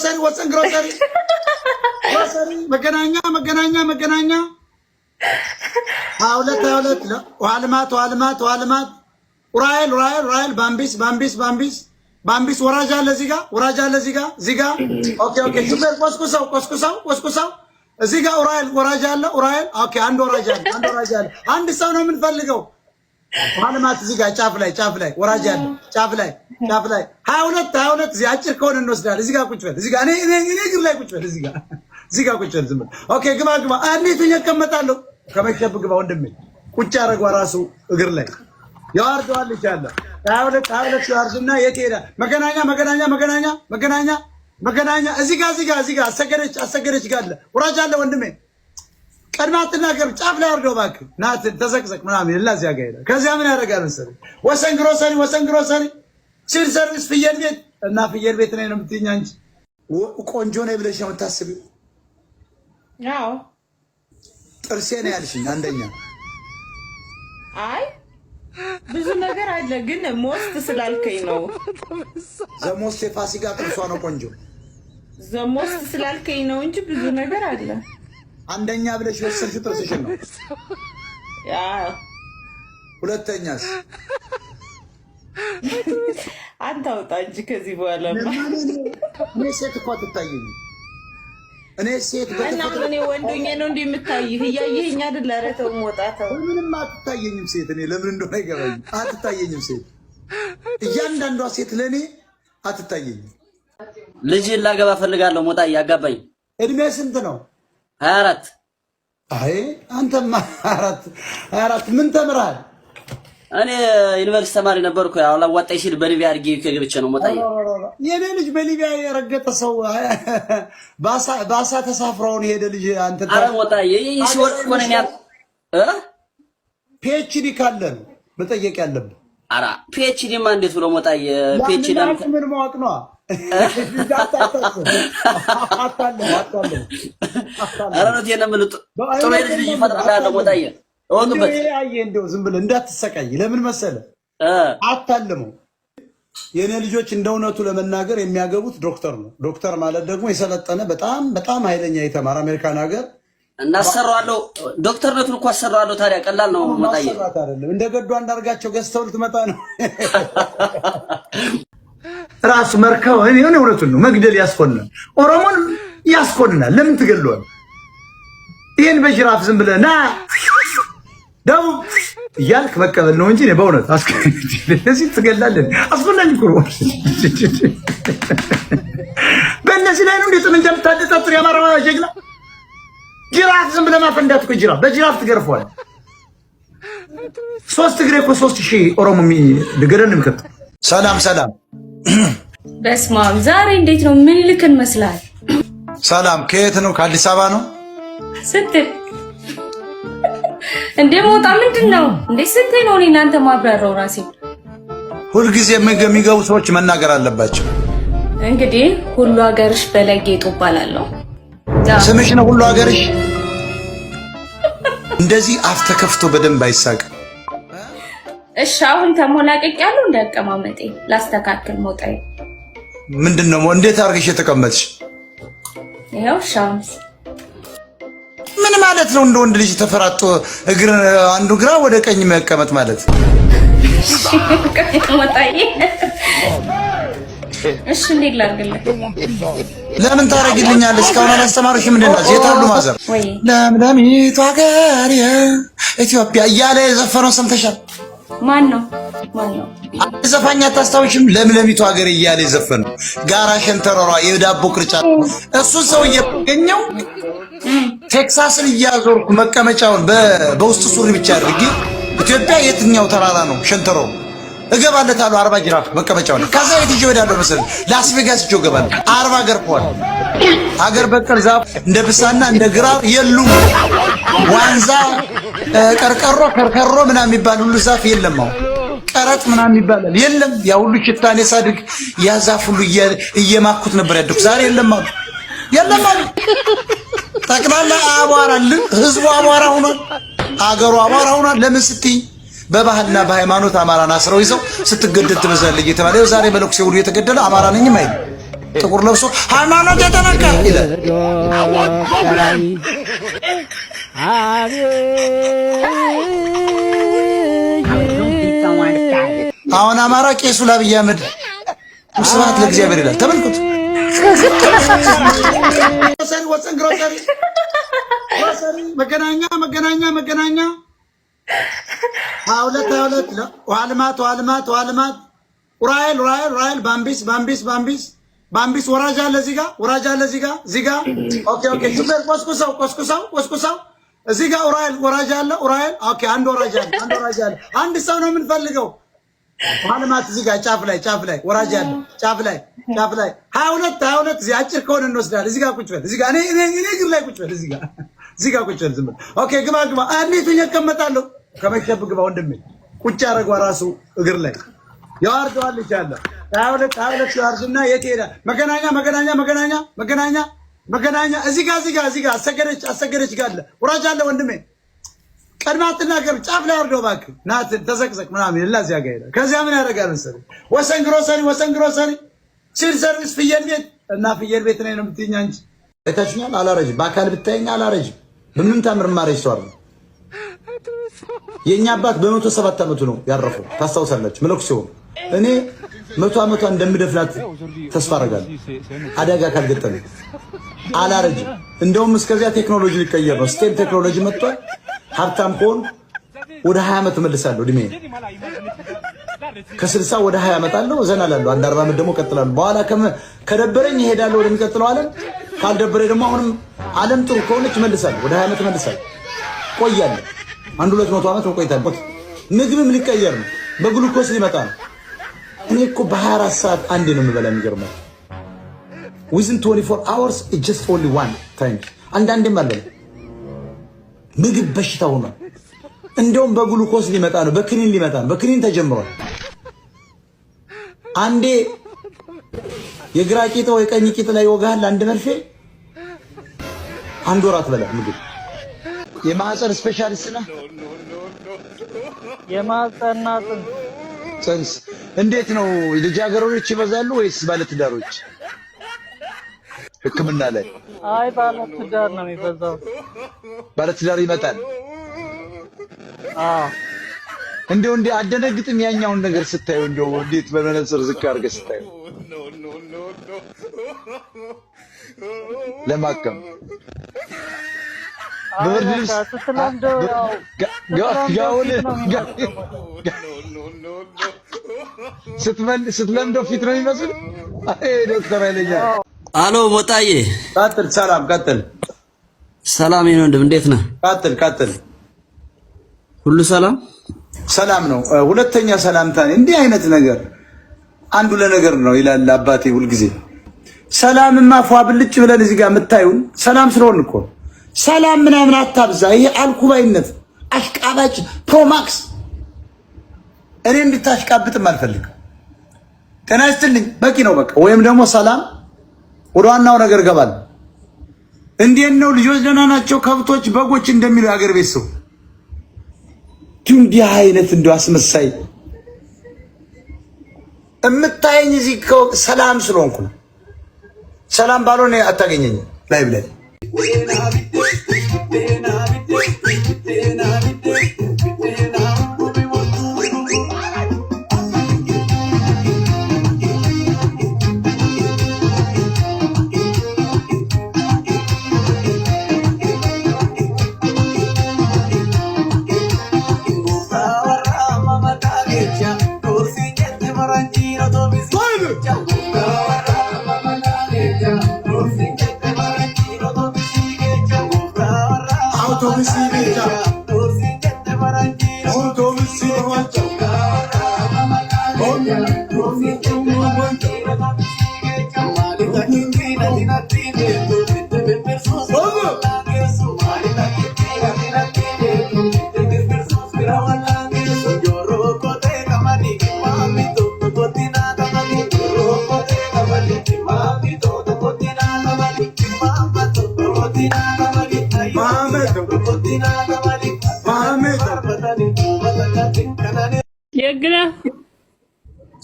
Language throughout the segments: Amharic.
ግሮሰሪ ወሰን ግሮሰሪ ግሮሰሪ መገናኛ መገናኛ መገናኛ ሀያ ሁለት ሀያ ሁለት ውሃ ልማት ውሃ ልማት ውሃ ልማት ኡራኤል ኡራኤል ኡራኤል ባምቢስ ባምቢስ ባምቢስ ባምቢስ ወራጅ አለ እዚህ ጋር ወራጅ አለ እዚህ ጋር እዚህ ጋር ኦኬ ኦኬ ሹፌር ቆስቁሰው ቆስቁሰው ቆስቁሰው እዚህ ጋር ኡራኤል ወራጅ አለ ኡራኤል ኦኬ አንድ ወራጅ አለ አንድ ወራጅ አለ አንድ ሰው ነው የምንፈልገው ማልማት እዚህ ጋር ጫፍ ላይ ጫፍ ላይ ወራጅ ያለ ጫፍ ላይ ጫፍ ላይ ሀያ ሁለት ሀያ ሁለት እዚህ አጭር ከሆነ እንወስዳለን። እዚህ ጋር ቁጭ በል እዚህ ጋር እኔ እኔ እግር ላይ ቁጭ በል እዚህ ጋር እዚህ ጋር ቁጭ በል ዝም ብለህ ኦኬ። ግባ ግባ። እንዴት ሆኜ እቀመጣለሁ? ከመሸብ ግባ ወንድሜ። ቁጭ አደረጓ ራሱ እግር ላይ ያዋርደዋል። ልጅ አለ ሀያ ሁለት ሀያ ሁለት ያዋርድና የት ሄዳል? መገናኛ መገናኛ መገናኛ መገናኛ መገናኛ እዚህ ጋር እዚህ ጋር እዚህ ጋር አሰገደች አሰገደች ጋር አለ ወራጅ አለ ወንድሜ ቀድማ አትናገር። ጫፍ ላይ አርዶ ባክ ናት ተዘቅዘቅ ምናምን ይላል። እዚያ ጋር ሄዳል። ከዚያ ምን ያደርጋል መሰለኝ ወሰን ግሮሰሪ፣ ወሰን ግሮሰሪ፣ ሲል ሰርቪስ፣ ፍየል ቤት እና ፍየል ቤት ነው የምትኛ እንጂ ቆንጆ ነኝ ብለሽ ነው የምታስቢው። አዎ ጥርሴ ነው ያልሽኝ። አንደኛ አይ ብዙ ነገር አለ፣ ግን ሞስት ስላልከኝ ነው። ዘሞስት የፋሲካ ጥርሷ ነው ቆንጆ። ዘሞስት ስላልከኝ ነው እንጂ ብዙ ነገር አለ። አንደኛ ብለሽ የወሰድሽው ጥርስሽን ነው። ሁለተኛስ? አንተ አውጣ እንጂ ከዚህ በኋላ እኔ ሴት እኮ አትታይም። እኔ ሴት በተፈጥሮ እኔ ወንዶኛ ነው እንደ የምታይህ እያየኸኝ አይደል? ኧረ ተው ሞጣ ምንም አትታየኝም ሴት። እኔ ለምን እንደሆነ አይገባኝም። አትታየኝም ሴት፣ እያንዳንዷ ሴት ለእኔ አትታየኝም። ልጅ ላገባ ፈልጋለሁ ሞጣ፣ እያጋባኝ። እድሜ ስንት ነው? 24 አይ አንተማ 24 24 ምን ተምራል? እኔ ዩኒቨርሲቲ ተማሪ ነበርኩ። ያው ላዋጣኝ ሲል በሊቢያ አድርጌ ከግብቼ ነው መጣ። የኔ ልጅ በሊቢያ የረገጠ ሰው ባሳ ተሳፍረውን ሄደ ልጅ አንተ ወጣ ሲወርቅ ሆነኛ ፒኤችዲ ካለ ነው መጠየቅ ያለብህ። ፒኤችዲማ እንዴት ብሎ መጣ? ፒኤችዲ ምን ማወቅ ነው ዝም ብለህ እንዳትሰቃይ። ለምን መሰለህ አታልመው። የእኔ ልጆች እንደ እውነቱ ለመናገር የሚያገቡት ዶክተር ነው። ዶክተር ማለት ደግሞ የሰለጠነ በጣም በጣም ኃይለኛ የተማረ አሜሪካን ሀገር እናሰራዋለሁ ዶክተርነቱን እኮ አሰራዋለሁ። ታዲያ ቀላል ነው። መጣ አይደለም እንደ ገዱ አንዳርጋቸው ገዝተው ልትመጣ ነው። ራስ መርከው እኔ እውነቱን ነው። መግደል ያስኮንናል፣ ኦሮሞን ያስኮንናል። ለምን ትገለዋል? ይህን በጅራፍ ዝም ብለህ ና ደቡብ እያልክ መቀበል ነው እንጂ በእውነት እነዚህ ትገላለን። አስፈላጊ ኩሮ በእነዚህ ላይ ነው እንደ ጠመንጃ የምታጠጣጥር የአማራ ጀግና ጅራፍ ዝም ብለህ ማፈንዳት እኮ ጅራፍ በጅራፍ ትገርፈዋል። ሶስት እግሬ እኮ ሶስት ሺህ ኦሮሞ ገደል ነው ሰላም ሰላም በስማም ዛሬ እንዴት ነው? ምን ልክ እንመስላል? ሰላም ከየት ነው? ከአዲስ አበባ ነው ስትል እንዴ መውጣ ምንድን ነው እንዴ ስትል ነው። እኔ እናንተ ማብራራው ራሴ ሁልጊዜ የሚገቡ ሰዎች መናገር አለባቸው። እንግዲህ ሁሉ ሀገርሽ በለጌጡ እባላለሁ። ስምሽ ነው ሁሉ ሀገርሽ። እንደዚህ አፍ ተከፍቶ በደንብ አይሳቅም። እሺ አሁን ተሞላቀቅ ያለው እንደ አቀማመጤ ላስተካክል። ሞጣዬ ምንድን ነው? እንዴት አድርገሽ የተቀመጥሽ? ይኸው ሻምስ ምን ማለት ነው? እንደ ወንድ ልጅ ተፈራጦ እግር አንዱ ግራ ወደ ቀኝ መቀመጥ ማለት ሞጣዬ። እሺ እንዴት ላድርግልህ? ለምን ታደርጊልኛለሽ? እስካሁን አላስተማርሽም። ምንድን ናቸው የታሉ ማዘር ለምለሚቱ ሀገር ኢትዮጵያ እያለ የዘፈነው ሰምተሻል? ማን ነው ማን ነው? ዘፋኝ አታስታውሽም? ለምለሚቱ ሀገር እያለ የዘፈኑ ጋራ ሸንተረሯ የዳቦ ቅርጫ እሱን ሰው እየገኘው ቴክሳስን እያዞርኩ መቀመጫውን በውስጥ ሱሪ ብቻ አድርጌ ኢትዮጵያ የትኛው ተራራ ነው ሸንተረሩ እገባለታለሁ አርባ ጅራፍ መቀመጫው ነው። ከዛ የት ይዤ እሄዳለሁ መሰለኝ? ላስ ቬጋስ ይዤው እገባለሁ። አርባ ሀገር ፖል ሀገር በቀል ዛፍ እንደ ብሳና እንደ ግራር የሉም። ዋንዛ፣ ቀርቀሮ፣ ከርከሮ ምናምን የሚባል ሁሉ ዛፍ የለም። አሁን ቀረጥ ምናምን ይባላል የለም። ያ ሁሉ ሽታ እኔ ሳድግ ያ ዛፍ ሁሉ እየማኩት ነበር ያደኩ። ዛሬ የለም አሉ የለም አሉ። ጠቅላላ አቧራ ህዝቡ አቧራ ሆኗል። አገሩ አቧራ ሆኗል። ለምን ስትይ በባህልና በሃይማኖት አማራን አስረው ይዘው ስትገደል ትበዛለህ እየተባለ ዛሬ በለኩሴ ሁሉ የተገደለ አማራ ነኝም አይልም። ጥቁር ለብሶ ሃይማኖት የተነካ ይላል። አሁን አማራ ቄሱ ለአብይ አህመድ ስብሐት ለእግዚአብሔር ይላል። ተመልከቱ። ወሰን ወሰን፣ ግሮሰሪ፣ መገናኛ፣ መገናኛ፣ መገናኛ ሁለት ሁለት ዋልማት ዋልማት ዋልማት ራይል ራይል ራይል ባምቢስ ባምቢስ ባምቢስ ባምቢስ ወራጅ አለ እዚህ ጋር ወራጅ አለ እዚህ ጋር እዚህ ጋር ኦኬ ኦኬ ሱፐር ቆስቁሰው ቆስቁሰው ቆስቁሰው እዚህ ጋር ራይል ወራጅ አለ ራይል ኦኬ አንድ ወራጅ አለ አንድ ወራጅ አለ አንድ ሰው ነው የምንፈልገው ዋልማት እዚህ ጋር ጫፍ ላይ ጫፍ ላይ ወራጅ አለ ጫፍ ላይ ጫፍ ላይ ሀያ ሁለት ሀያ ሁለት እዚህ አጭር ከሆነ እንወስዳለን እዚህ ጋር ቁጭ በል እዚህ ጋር እኔ እኔ እግር ላይ ቁጭ በል እዚህ ጋር እዚህ ጋር ቁጭ በል ዝም በል ኦኬ ግባ ግባ እንዴት ሆኜ እቀመጣለሁ ከመክተብ ግባ ወንድሜ። ቁጭ አደረጓ ራሱ እግር ላይ ያዋርደዋል። ይቻለ ሀያ ሁለት ሀያ ሁለት ያርድና የት ሄዳል? መገናኛ መገናኛ መገናኛ መገናኛ መገናኛ እዚህ ጋር እዚህ ጋር እዚህ ጋር አሰገደች አሰገደች ጋር አለ ውራጅ አለ ወንድሜ። ቀድማ አትናገር፣ ጫፍ ላይ አውርደው እባክህ ናት ተዘቅዘቅ ምናምን ላ እዚያ ጋር ሄዳል። ከዚያ ምን ያደርጋል መሰለኝ ወሰን ግሮሰሪ ወሰን ግሮሰሪ ሲል ሰርቪስ ፍየል ቤት እና ፍየል ቤት ነው የምትይኝ አንቺ። አይታችኛል፣ አላረጅም። በአካል ብታየኝ አላረጅም። በምንም ታምር ማረጅ ሰው አይደለም። የእኛ አባት በመቶ ሰባት ዓመቱ ነው ያረፈው። ታስታውሳለች መለኩ ሲሆን እኔ መቶ ዓመቷ እንደምደፍናት ተስፋ አደርጋለሁ። አደጋ ካልገጠመ አላረጅ። እንደውም እስከዚያ ቴክኖሎጂ ሊቀየር ነው። ስቴም ቴክኖሎጂ መጥቷል። ሀብታም ከሆን ወደ 20 ዓመት እመልሳለሁ እድሜ ከስልሳ ወደ 20 አመጣለሁ። ዘና እላለሁ። አንድ 40 ዓመት ደግሞ እቀጥላለሁ። በኋላ ከደበረኝ እሄዳለሁ ወደሚቀጥለው ዓለም። ካልደበረኝ ደግሞ አሁንም ዓለም ጥሩ ከሆነች እመልሳለሁ። ወደ 20 ዓመት እመልሳለሁ። ቆያለሁ አንድ ሁለት መቶ ዓመት መቆየት አለበት። ምግብም ሊቀየር ነው፣ በግሉኮስ ሊመጣ ነው። እኔ እኮ በ24 ሰዓት አንድ ነው የምበላ። የሚገርመው ዊዝን 24 hours it's just only one time አንዳንዴም አለ ምግብ በሽታ ሆኗል። እንደውም በግሉኮስ ሊመጣ ነው፣ በክኒን ሊመጣ ነው። በክኒን ተጀምሯል። አንዴ የግራ ቂጥ ወይ ቀኝ ቂጥ ላይ ይወጋሃል አንድ መርፌ፣ አንድ ወራት በላ ምግብ የማህፀን ስፔሻሊስት ነህ? የማህፀንና ጽንስ እንዴት ነው? ልጃገረዶች ይበዛሉ ወይስ ባለትዳሮች? ህክምና ላይ አይ ባለትዳር ነው የሚበዛው። ባለትዳር ይመጣል። እንደው አደነግጥም ያኛውን ነገር ስታዩ እንደው እንዴት በመነጽር ዝቅ አድርገ ስታዩ ለማከም ስትለምደው ፊት ነው የሚመስል። ዶክተር አይለኛ አሎ፣ ቦጣዬ ቀጥል። ሰላም ቀጥል። ሰላም ይሄን ወንድም እንዴት ነህ? ቀጥል ቀጥል። ሁሉ ሰላም ሰላም ነው። ሁለተኛ ሰላምታ እንዲህ አይነት ነገር አንዱ ለነገር ነው ይላል አባቴ ሁልጊዜ። ሰላምማ ፏ ብልጭ ብለን እዚህ ጋር የምታዩን ሰላም ስለሆን እኮ ሰላም ምናምን አታብዛ። ይሄ አልኩባይነት አሽቃባጭ ፕሮማክስ እኔ እንድታሽቃብጥም አልፈልግም። ጤና ይስጥልኝ በቂ ነው በቃ። ወይም ደግሞ ሰላም ወደ ዋናው ነገር ገባል። እንዴት ነው ልጆች ደህና ናቸው? ከብቶች፣ በጎች እንደሚለው የአገር ቤት ሰው እንዲህ አይነት እንደው አስመሳይ እምታየኝ እዚህ ሰላም ስለሆንኩ ነው። ሰላም ባልሆነ አታገኘኝም ላይ ብለን pena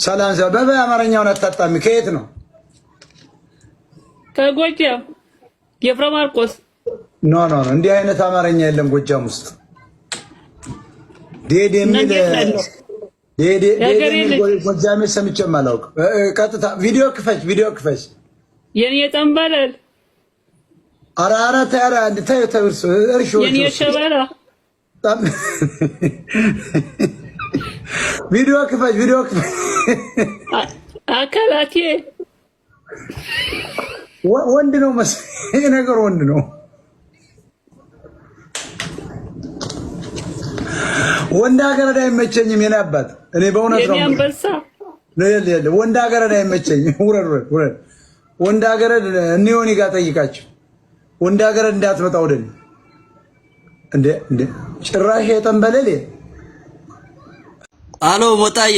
ሰላም ሰው በበይ አማርኛውን አጣጣሚ ከየት ነው? ከጎጃም የፍረ ማርቆስ። ኖ ኖ ኖ እንዲህ አይነት አማርኛ የለም ጎጃም ውስጥ። ዴድ የሚል ዴድ ጎጃሜ ሰምቼም አላውቅም። ቀጥታ ቪዲዮ ክፈች፣ ቪዲዮ ክፈች የኔ ኧረ ኧረ ተይ ኧረ አንድ ተይው ተይው እርሱ ቪዲዮ ክፈች ቪዲዮ አካላቴ ወንድ ነው መሰለኝ ይሄ ነገር ወንድ ነው ወንድ ሀገር አይመቸኝም የኔ አባት እኔ በእውነት ነው አንበሳ ወንድ ሀገር አይመቸኝም ውረድ ውረድ ውረድ ወንድ ሀገር እኒሆን ጋር ጠይቃቸው ወንድ ሀገር እንዳትመጣ ወደ እንደ እንደ ጭራሽ የጠንበለል አሎ ቦጣዬ፣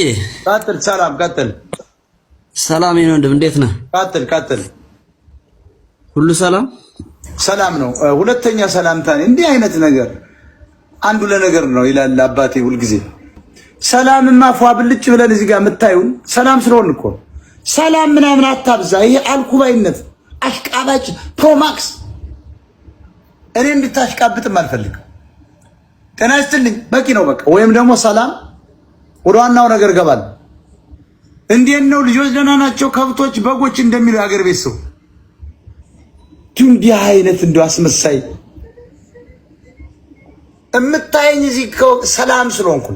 ቀጥል። ሰላም ቀጥል። ሰላም ነው ወንድም፣ እንዴት ነህ? ቀጥል ቀጥል። ሁሉ ሰላም ሰላም ነው። ሁለተኛ ሰላምታ እንዲህ አይነት ነገር አንዱ ለነገር ነው ይላል አባቴ ሁልጊዜ። ሰላምማ ፏ ብልጭ ብለን እዚህ ጋር የምታዩን ሰላም ስለሆን እኮ ሰላም ምናምን አታብዛ። ይሄ አልኩባይነት አሽቃባጭ ፕሮማክስ እኔ እንድታሽቃብጥም አልፈልግም። ጤና ይስጥልኝ በቂ ነው በቃ። ወይም ደግሞ ሰላም። ወደ ዋናው ነገር ገባል። እንዴት ነው ልጆች ደህና ናቸው፣ ከብቶች፣ በጎች እንደሚሉ የሀገር ቤት ሰው እንዲህ አይነት እንዲ አስመሳይ እምታየኝ እዚህ ሰላም ስለሆንኩ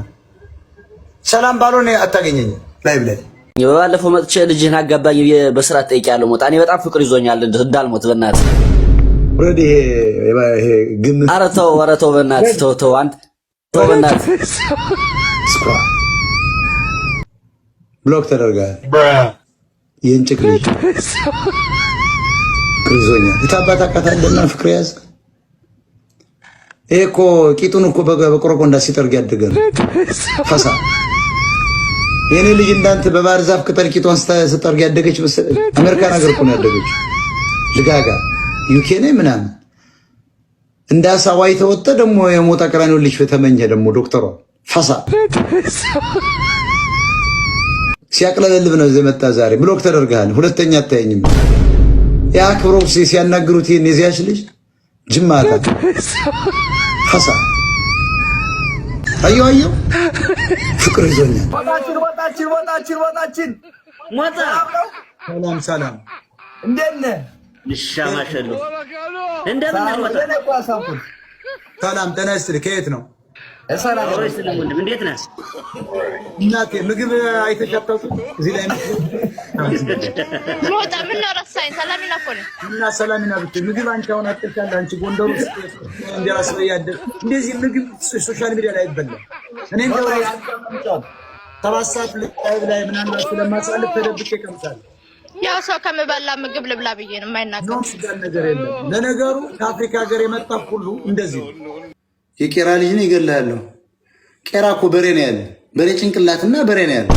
ሰላም ባልሆነ አታገኘኝ ላይ ብለን በባለፈው መጥቼ ልጅህን አጋባኝ በስራ ጠይቄያለሁ። ሞጣ እኔ በጣም ፍቅር ይዞኛል እንዳልሞት በእናትህ ብረድ ይሄ ግን ኧረ ተው ኧረ ተው በእናትህ ተው ተው አንተ ተው በእናትህ ብሎክ ተደርጋል። የእንጭቅ ልጅ ቅሪዞኛል። የታባት አቃታለና ፍቅር ያዝ። ይሄ እኮ ቂጡን እኮ በቆረቆንዳ ሲጠርግ ያደገ ነው ፈሳ የኔ ልጅ እንዳንተ በባህር ዛፍ ቅጠል ቂጧን ስጠርግ ያደገች መሰለኝ። አሜሪካን ሀገር እኮ ነው ልጋጋ ዩኬ ነኝ ምናምን እንደ ሀሳቧ የተወጠ ደግሞ የሞጣ ቀራኒዮ ልጅ ተመኘ ደግሞ ዶክተሯ ፈሳ ሲያቅለለልብ ነው ዘመጣ ዛሬ ብሎክ ተደርገሃል። ሁለተኛ አታየኝም። የአክብሮ ሲያናግሩት ይህን የዚያች ልጅ ጅማታ ፈሳ አየሁ አየሁ ፍቅር ይዞኛል። ሰላም ሰላም፣ እንዴት ነህ? ልሻማሸሉ እንደምን ሰላም ጤና ይስጥልኝ። ከየት ነው? እንዴት ምግብ አይተሽ አታውቂም? እዚህ ላይ ምነው ረሳኝ። ሰላሚና እኮ ምግብ አንቺ አሁን አጥቻለ። አንቺ ጎንደር ውስጥ እንጀራ ስለያደር እንደዚህ ምግብ ሶሻል ሚዲያ ላይ አይበላም። እኔ ሰባት ሰዓት ላይ ምናምን ስለማሳልፍ ተደብቄ እቀምሳለሁ ያው ሰው ከምበላ ምግብ ልብላ ብዬ ነው የማይናገር ነገር የለም። ለነገሩ ከአፍሪካ ሀገር የመጣ ሁሉ እንደዚህ የቄራ ልጅ ነው ይገላለሁ። ቄራ እኮ በሬ ነው ያለ በሬ ጭንቅላት እና በሬ ነው ያለ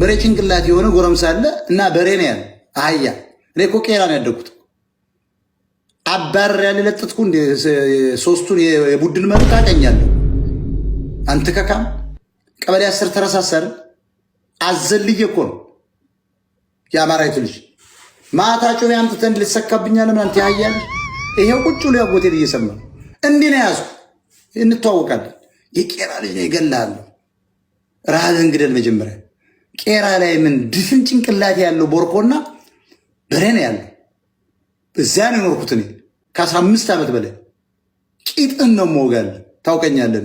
በሬ ጭንቅላት የሆነ ጎረምሳ አለ እና በሬ ነው ያለ አህያ። እኔ እኮ ቄራ ነው ያደግኩት። አባር ያለ ለጥጥኩ ሶስቱን የቡድን መሪ ታቀኛለሁ። አንተ ከካም ቀበሌ አስር ተረሳሰር አዘልዬ እኮ ነው የአማራዊቱ ልጅ ማታ ጩቤ አምጥተን ልሰካብኛል አንተ ያያል ይሄው ቁጭ ብሎ ያጎቴ እየሰማ እንዲህ ነው ያዝኩ። እንተዋወቃለን። የቄራ ልጅ ነው ይገላሉ ራህን ግደል መጀመሪያ ቄራ ላይ ምን ድፍን ጭንቅላት ያለው ቦርኮና በሬ ነው ያለው። እዚያ ነው የኖርኩት እኔ ከአስራ አምስት ዓመት በላይ ቂጥን ነው የምወጋለን። ታውቀኛለን።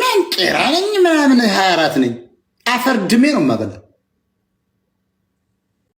ምን ቄራ ነኝ ምናምን ሀያ አራት ነኝ። አፈር ድሜ ነው የማበላ